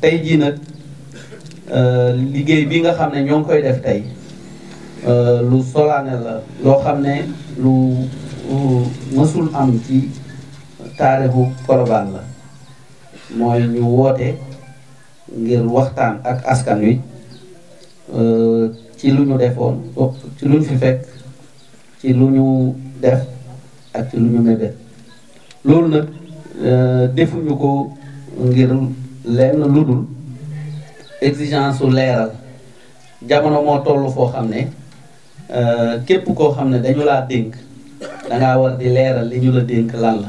tey jii nag euh, liggéey bi nga xam ne ñoo ngi koy def tey euh, lu solaane la loo xam ne lu mësul am ci taarixu Colobane la mooy ñu woote ngir waxtaan ak askan wi euh, ci lu ñu defoon ci lu ñu fi fekk ci lu ñu def ak ci lu ñu mébét loolu nag defuñu ko ngir lenn lu dul exigence su leeral jamono moo toll foo xam ne euh, képp koo xam ne dañu laa dénk dangaa war di leeral li ñu la dénk lan la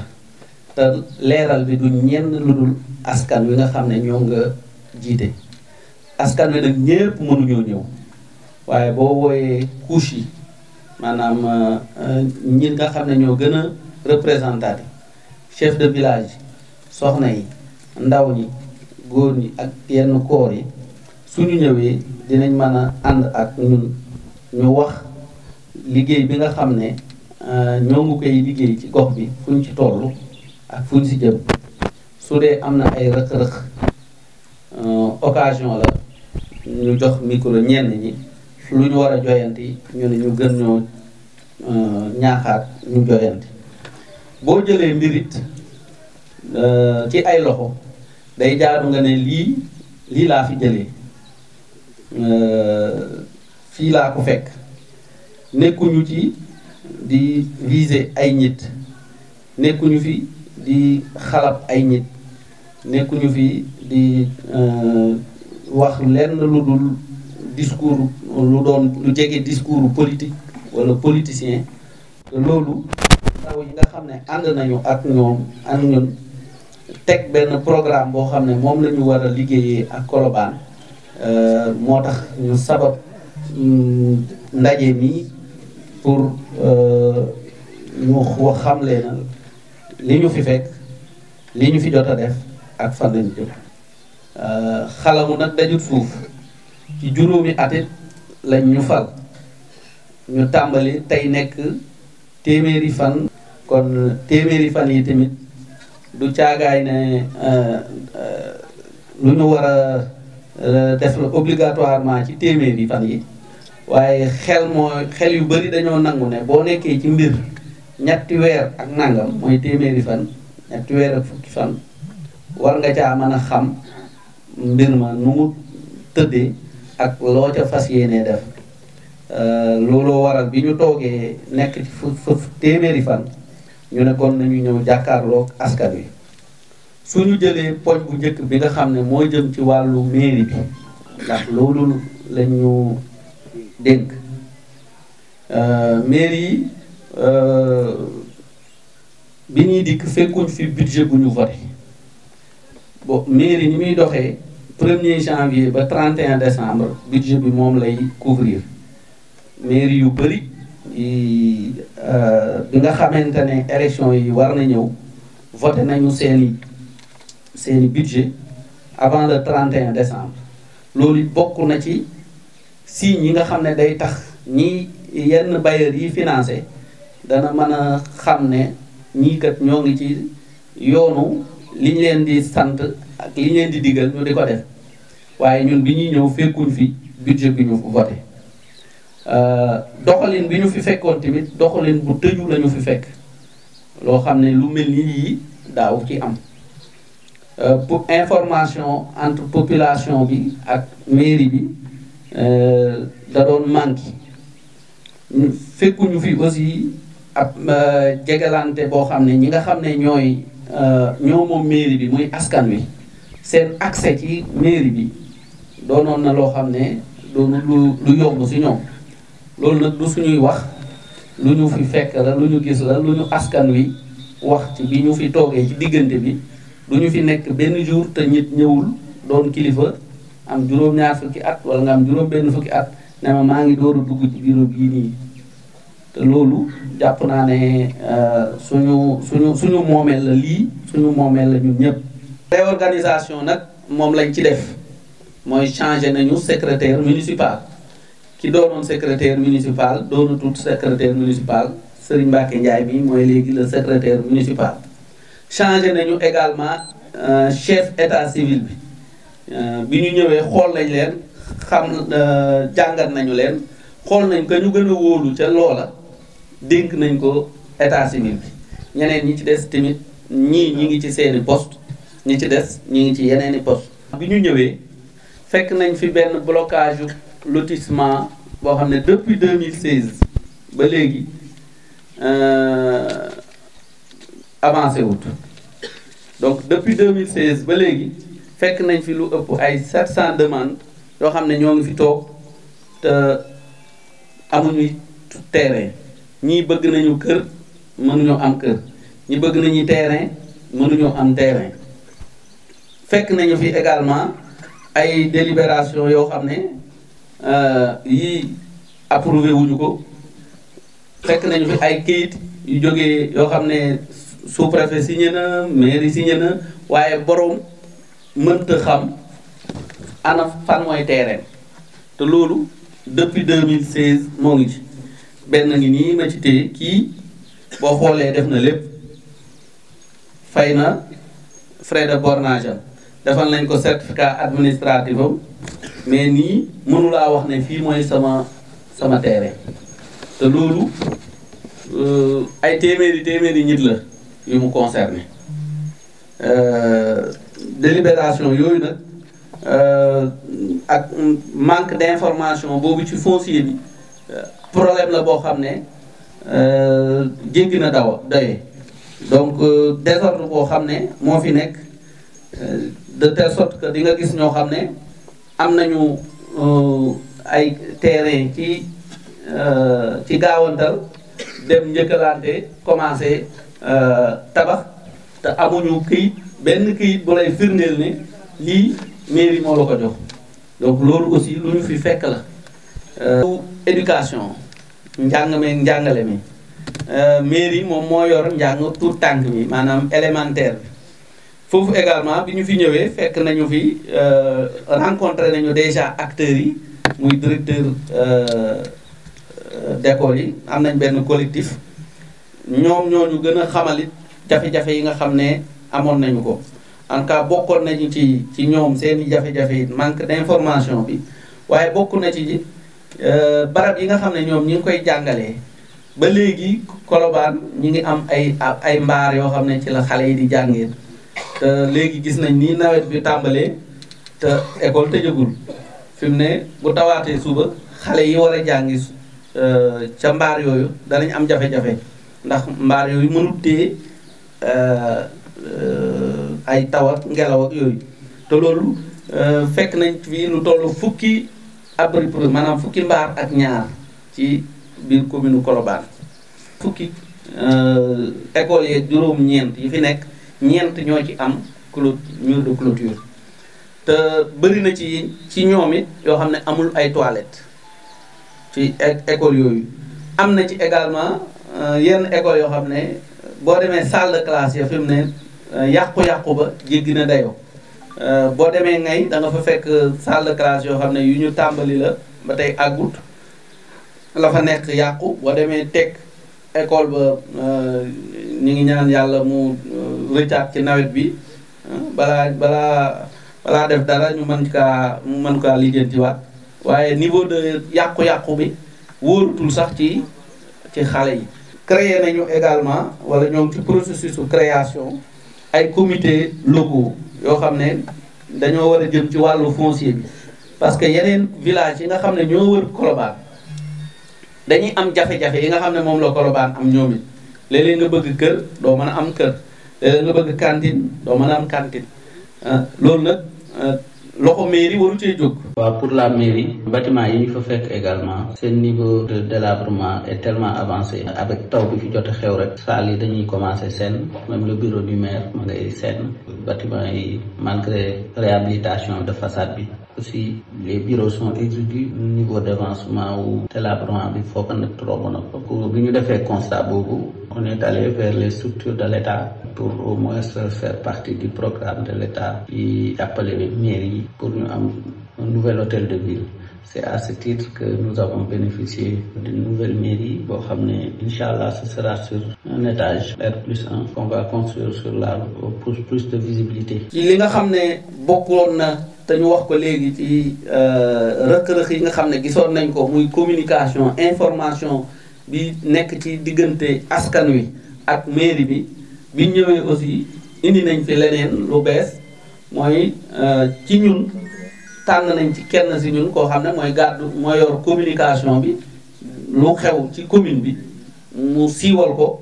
te leeral bi du ñenn lu dul askan wi nga xam ne ñoo nga jiite askan wi nag ñépp mënuñoo ñëw waaye boo wooyee couche yi maanaam euh, ñi nga xam ne ñoo gën a représentatif chef de village soxna yi ndaw ñi góor ñi ak yenn koor yi suñu ñëwee dinañ mën a ànd ak ñu wax liggéey bi nga xam ne euh, ñoo ngi koy liggéey ci gox bi fuñ ci toll ak fuñ si jëm su dee am na ay rëq-rëq euh, occasion la ñu jox micro ñenn ñi lu ñu war a joyanti ñu ne ñu gën ñoo euh, ñaaxaat ñu joyanti boo jëlee mbirit ci ay loxo day jaadu nga ne lii lii laa fi jëlee euh, fii laa ko fekk nekkuñu ci di viser ay nit nekkuñu fi di xalab ay nit nekkuñu fii di euh, wax lenn lu dul discours lu doon lu jege discours politique wala politicien te loolu ndaw yi nga xam ne ànd nañu ak ñoom ak ñun teg benn programme boo xam ne moom la war a liggéeyee ak Colobane euh, moo tax ñu sabab mm, ndaje mi pour euh, ñu wax xam li ñu fi fekk li ñu fi jot a def ak fan lañu jëm euh, xalamu nag dajut suuf ci juróomi atit lañ ñu fal ñu tàmbali tey nekk téeméeri fan kon téeméeri fan yi tamit du caagaay ne euh, euh, lu ñu war a euh, def la obligatoirement ci téeméeri fan yi waaye xel moo xel yu bari dañoo nangu ne boo nekkee ci mbir ñetti weer ak nangam mooy téeméeri fan ñetti weer ak fukki fan war nga caa mën a xam mbir ma nu mu tëddee ak loo ca fas yéenee def looloo waral bi ñu toogee nekk ci fu fu téeméeri fan ñu nekkoon kon nañu ñëw jàkkaarlook askan wi suñu jëlee poñ bu njëkk bi nga xam ne moo jëm ci wàllu mairie bi ndax loolu la ñu dénk euh, mairie yi euh, bi ñuy dikk fekkuñ fi budget bu ñu voté bo mairie ni muy doxee premier janvier ba 31 décembre budget bi moom lay couvrir mairie yu bëri Euh, bi nga xamante ne élection yi war na ñëw voté nañu seeni seeni budget avant le 31 décembre loolu bokk na ci signes yi nga xam ne day tax ñi yenn bailleurs yi financé dana mën a xam ne ñii kat ñoo ngi ci yoonu li ñu leen di sant ak li ñu leen di digal ñu di ko def waaye ñun bi ñuy ñëw fekkuñ fi budget bi ñu voté Euh, doxalin bi ñu fi fekkoon tamit doxalin bu tëju lañu fi fekk loo xam ne lu mel ni lii daaw ci am euh, pour information entre population bi ak mairie bi euh, da doon manqué fekkuñu fi aussi ak jegalante boo xam ne ñi nga xam ne ñooy ñoo moom mairie bi muy askan wi seen accès ci mairie bi doonoon na loo xam ne doonu lu lu yomb si ñoom loolu nag du suñuy wax lu ñu fi fekk la lu ñu gis la lu ñu askan wi wax ci bi ñu fi toogee ci diggante bi du ñu fi nekk benn jour te nit ñëwul doon kilifa am juróom-ñaar fukki at wala nga am juróom-benn fukki at ne ma maa ngi door a dugg ci bureau bii nii te loolu jàpp naa ne euh, suñu suñu suñu moomeel la lii suñu moomeel la ñun ñëpp. réorganisation nag moom lañ ci def mooy changé nañu secrétaire municipal. ki doonoon secrétaire municipal doonatut secrétaire municipal Serigne Mbacke Ndiaye bi mooy léegi le secrétaire municipal. changé nañu également euh, chef état civil bi euh, bi ñu ñëwee xool nañ leen xam euh, jàngat nañu leen xool nañ ko ñu gën a wóolu ca loola dénk nañ ko état civil bi ñeneen ñi ci des tamit ñii ñi ngi ci seeni post ñi ci des ñi ngi ci yeneeni poste bi ñu ñëwee fekk nañ fi benn blocage lotissement boo xam ne depuis 2016 ba léegi euh, avancé wut donc depuis 2016 ba léegi fekk nañ fi lu ëpp ay 700 demandes yoo xam ne ñoo ngi fi toog te amuñu terrain ñii bëgg nañu kër mënuñoo am kër ñi bëgg nañu terrain mënuñoo am terrain fekk nañu fi également ay délibération yoo xam ne. Euh, yii approuvé wuñu ko fekk nañu fi ay kayit yu jógee yoo xam ne sous-préfet signé na mairie signé na waaye boroom mënta xam ana fan mooy terrain te loolu depuis 2016 moo ngi ci benn ngi nii ma ci téye kii boo xoolee def na lépp fay na frais de bornage defal nañ ko certificat administratif am mais nii mënulaa wax ne fii mooy sama sama te loolu euh, ay téeméeri téeméeri nit la yu mu concerné euh, délibération yooyu nag euh, ak manque d'information boobu ci foncier bi problème la boo xam ne jéggi na daw doye donc désordre boo xam ne moo fi nekk de telle sorte que di nga gis ñoo xam ne am nañu euh, ay terrain ci euh, ci gaawantal dem njëkkalante commencé euh, tabax te amuñu këyit benn këyit bu lay firndeel ne lii mairie moo la ko jox donc loolu aussi lu ñu fi fekk la éducation njàng mi njàngale mi mairie moom moo yor njàng tout tànk mi maanaam élémentaire bi foofu également bi ñu fi ñëwee fekk nañu fi euh, rencontré nañu déjà acteurs yi muy directeur euh, d'école yi am nañ benn collectif ñoom ñu gën a xamalit jafe-jafe yi nga xam ne amoon nañu ko en bokkoon nañu ci ci ñoom seeni jafe-jafe yi manque d'information bi waaye bokk na ci euh, barab yi nga xam ne ñoom ñi ngi koy jàngalee ba léegi Colobane ñi ngi am ay ay mbaar yoo xam ne ci la xale yi di jàngeen te léegi gis nañ ni nawet bi tàmbalee te école tëjagul fi mu ne bu tawaatee suba xale yi war a jàngi euh, ca mbaar yooyu danañ am jafe-jafe ndax mbaar yooyu mënul téye euh, ay taw ngelaw ak yooyu te loolu euh, fekk nañ fii lu toll fukki abri maanaam fukki mbaar ak ñaar ci biir commune Colobane fukki école yeeg juróom-ñeent yi fi nekk ñeent ñoo ci am clôt ñu du clôture te bëri na ci ci ñoom it yoo xam ne amul ay toilettes ci école yooyu am na ci également euh, yenn école yoo xam ne boo demee salle de classe ya fi ne euh, yàqu-yàqu ba jéggi na dayoo euh, boo demee ngay danga nga fa fekk salle de yoo xam ne yu ñu tàmbali la ba tey àggut la fa nekk yàqu boo demee teg école ba ñu ngi ñaan yàlla mu rëccaat ci nawet bi ah, balaa balaa def dara ñu mën kaa ñu mën kaa lijjantiwaat waaye niveau de yàqu-yàqu bi wóorutul sax ci ci xale yi. créé nañu également wala ñoom ci processus création ay comités locaux yoo xam ne dañoo war a jëm ci wàllu foncier bi parce que yeneen village yi nga xam ne ñoo wër Colobane dañuy am jafe-jafe yi nga xam ne moom la Colobane am ñoom it léeg nga bëgg kër doo mën a am kër. léeg-léeg nga bëgg cantine doo mën a am ah, loolu nag ah, loxo mairie waru cee jóg. waaw pour la mairie. bâtiment yi ñu fa fekk également. seen niveau de délabrement et tellement avancé. avec taw bi fi jot a xew rek. saal yi dañuy commencé seen même le bureau du maire ma ngay seen bâtiment yi malgré réhabilitation de façade bi. aussi les bureaux sont exigus niveau d'avancement wu délabrement bi foog na trop na ko donc bi ñu defee constat boobu on est allé vers les structures de l'État pour au moins faire partie du programme de l'État qui jàppale mairie yi pour ñu am un hôtel de ville c'est à ce titre que nous avons bénéficié d'une nouvelle mairie boo xam ne incha allah ce sera sur un étage plus 1 qu'on construire sur la pour plus de visibilité. ci li nga xam ne bokkoon na te ñu wax ko léegi ci euh, rëq-rëq yi nga xam ne gisoon nañ ko muy communication information bi nekk ci diggante askan wi ak mairie bi bi ñëwee aussi indi nañ fi leneen lu bees mooy euh, ci ñun. tànn nañ ci kenn si ñun koo xam ne mooy gàddu mooy yor communication bi lu xew ci commune bi mu siiwal ko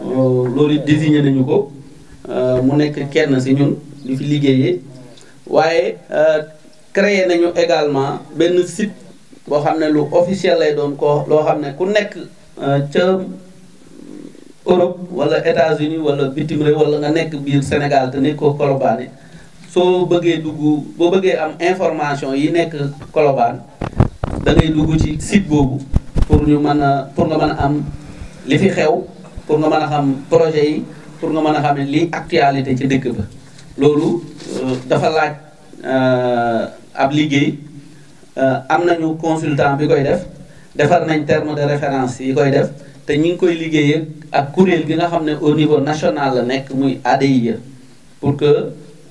euh, loolu it désigné nañu ko euh, mu nekk kenn si ñun di fi liggéeyee waaye euh, créé nañu également benn site boo xam ne lu officiel lay doon ko loo xam ne ku nekk ca Europe wala États-Unis wala bitim rek wala nga nekk biir Sénégal te nekk ko Colobane soo bëggee dugg boo bëggee am information yi nekk Colobane dangay ngay dugg ci site boobu pour ñu mën a pour nga mën a am li fi xew pour nga mën a xam projet yi pour nga mën a xam ne lii actualité ci dëkk ba loolu euh, dafa laaj euh, ab liggéey euh, am nañu consultant bi koy def defar nañ terme de référence yi koy def te ñu ngi koy liggéeyee ak kuréel gi nga xam ne au niveau national la nekk muy ADIE pour que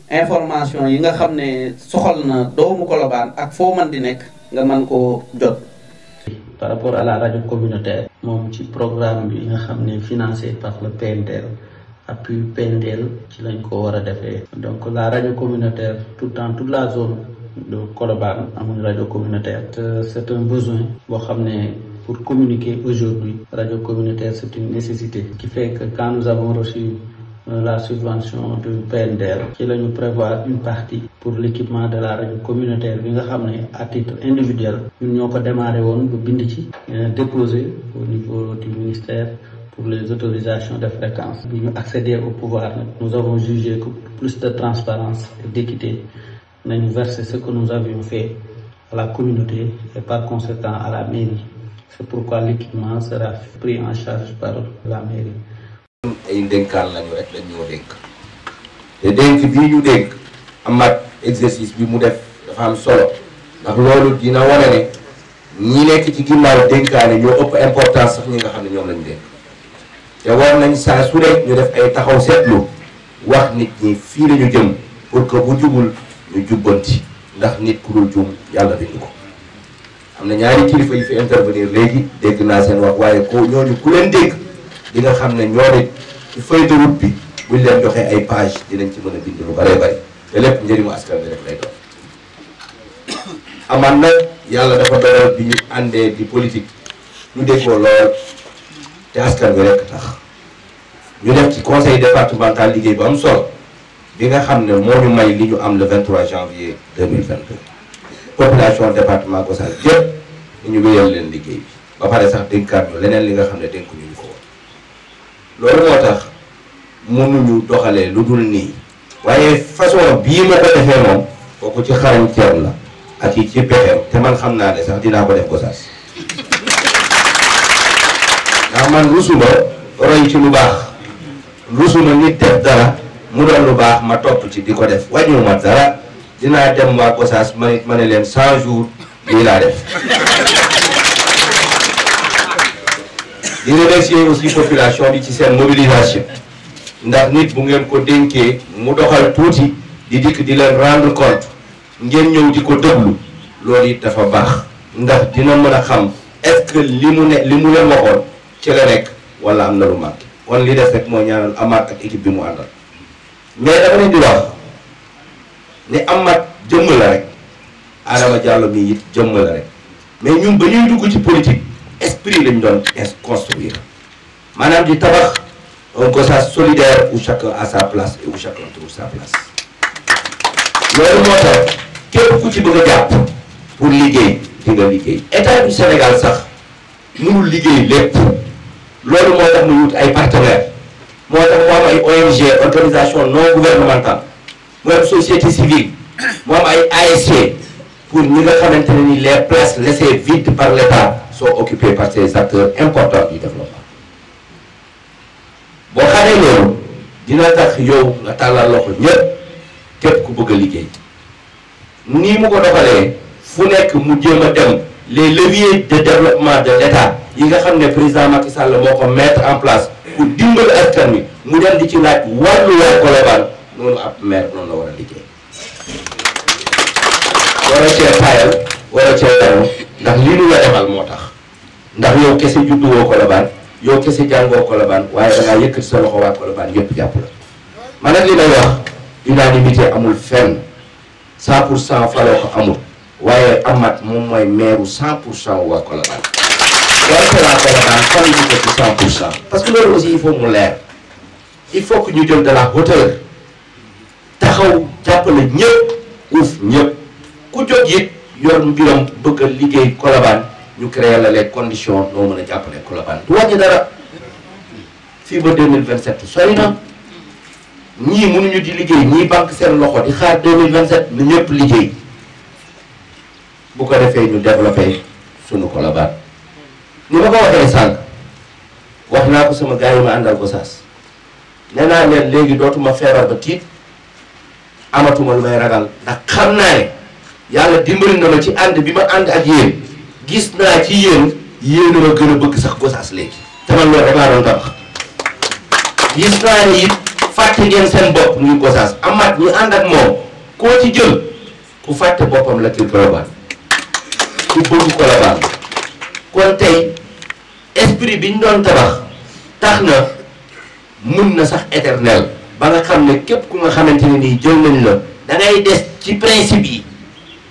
information yi nga xam ne soxal na doomu Colobane ak foo mën di nekk nga mën koo jot. par rapport à la radio communautaire. moom ci programme bi nga xam ne financé par le PNDL appui PNDL ci lañ ko war a defee. donc la radio communautaire tout le temps tout la zone de Colobane amuñ radio communautaire. Euh, c'est un besoin boo xam ne pour communiquer aujourd'hui radio communautaire c'est une nécessité. qui fait que quand nous la subvention du PNDR ci la ñu prévoir une partie pour l'équipement de la rajo communautaire bi nga xam ne à titre individuel ñun ñoo ko démarré woon ba bind ci euh, déposé au niveau du ministère pour les autorisations de fréquence bi ñu accéder au pouvoir nag nous avons jugé que plus de transparence et d'équité nañu verser ce que nous avions fait à la communauté et par conséquent à la mairie c'est pourquoi l'équipement sera pris en charge par la mairie ay ndénkaan lañu rek dañ ñoo dénk te dénk bii ñu dénk amat exercice bi mu def dafa am solo ndax loolu dina wane ne ñi nekk ci ginnaaw dénkaane ñoo ëpp importance sax ñi nga xam ne ñoom lañu dénk te war nañ saa su rek ñu def ay taxaw seetlu wax nit ñi fii lañu jëm pour que bu jubul ñu jubbanti ndax nit ku dul jum yàlla bind ko am na ñaari kilifa yi fi intervenir léegi dégg naa seen wax waaye ko ñooñu ku leen dégg li nga xam ne ñoo nit ci feuille de route bi buñ leen joxee ay page dinañ ci mën a bind lu bëree bëri te lépp njëriñu askan bi rek lay doon amaan nag yàlla dafa dogal bi ñu àndee di politique ñu déggoo lool te askan bi rek tax ñu def ci conseil départemental liggéey bu am solo bi nga xam ne moo ñu may li ñu am le 23 janvier 2022 population département Gossas yëpp ñu wéyal leen liggéey bi ba pare sax dénkaat ñu leneen li nga xam ne dénkuñu ñu ko loolu moo tax mënuñu doxalee lu dul nii waaye façon bii ma ko defee moom kooku ci xarañteem la ak yi ci pexeem te man xam naa ne sax dinaa ko def Gossas ndax man rusuma roy ci lu baax rusuma nit def dara mu doon lu baax ma topp ci di ko def ma dara dinaa dem waa Gossas ma ma ne leen 100 jours lii laa def di remercier aussi population di ci seen mobilisation ndax nit bu ngeen ko dénkee mu doxal tuuti di dikk di leen rendre compte ngeen ñëw di ko déglu loolu it dafa baax ndax dina mën a xam est-ce que li mu ne li mu leen waxoon ci la nekk wala am na lu manqué kon li def rek mooy ñaanal Amath ak équipe bi mu àndal mais dafa leen di wax ne Amath jëmm la rek Adama Diallo mii it jëmm la rek mais ñun ba ñuy dugg ci politique. esprit lañ doon construire maanaam di tabax un Gossas solidaire où chacun a sa place et où chacun trouve sa place loolu moo tax képp ku liggéey di nga liggéey du Sénégal sax mënul liggéey lépp loolu moo tax ay partenaires moo tax mu ONG organisation non gouvernementale mu am société civile mu am ay ASC pour ñi nga xamante ne ni les places laissées vides par l'État sont occupées par ces acteurs important bi développement boo xamee loolu dina tax yow nga tàllal loxo ñëpp képp ku bëgg a liggéey nii mu ko doxalee fu nekk mu jéem a dem les leviers de développement de l'État yi nga xam ne président Macky Sall moo ko mettre en place pour dimbali askan mu dem di ci laaj wàllu waa Colobane noonu ab maire noonu la war a liggéey. wala cee tayal wala cee yàlla ndax lii lu la defal moo tax ndax yow kese judduwoo Colobane yow kese jàngoo Colobane waaye da yëkkati sa loxo waa Colobane yëpp jàpp la man nag li may wax unanimité amul fenn 100 pour cent faloo ko amul waaye Amath moom mooy maire 100 pour cent waa Colobane wante waa Colobane fan ñu ko ci 100 pour cent parce que loolu aussi il faut mu leer il faut que ñu jël de la hauteur taxaw jàppale ñëpp uuf ñëpp. ku jot it yor mbiram bëgg a liggéey Colobane ñu créé la les condition doo mën a jàppale Colobane du wàññi dara fii ba 2027 sori na ñii mënuñu di liggéey ñii banque seen loxo di xaar 2027 na ñëpp liggéey bu ko defee ñu développé sunu Colobane ni ma ko waxee sànq wax naa ko sama gars àndal ko nee naa leen léegi dootuma feebar ba tiit amatuma lu may ragal ndax xam naa ne yàlla dimbali na ma ci ànd bi ma ànd ak yéen gis naa ci yéen yéen a ma gën a bëgg sax gosaas léegi te man loolu rek laa doon tabax gis naa ne it fàtte ngeen seen bopp ñu Gossas amaat ñu ànd ak moom koo ci jël ku fàtte boppam la kii Colobane ku bëgg Colobane kon tey esprit bi ñu doon tabax tax na mun na sax éternel ba nga xam ne képp ku nga xamante ni nii jël nañ la da des ci principe yi.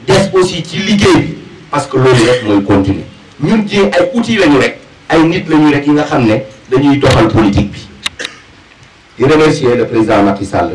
des aussi ci liggéey bi parce que loolu rek mooy continuer ñun ji ay outils lañu rek ay nit lañu rek yi nga xam ne dañuy doxal politique bi di remercier le président Macky Sall.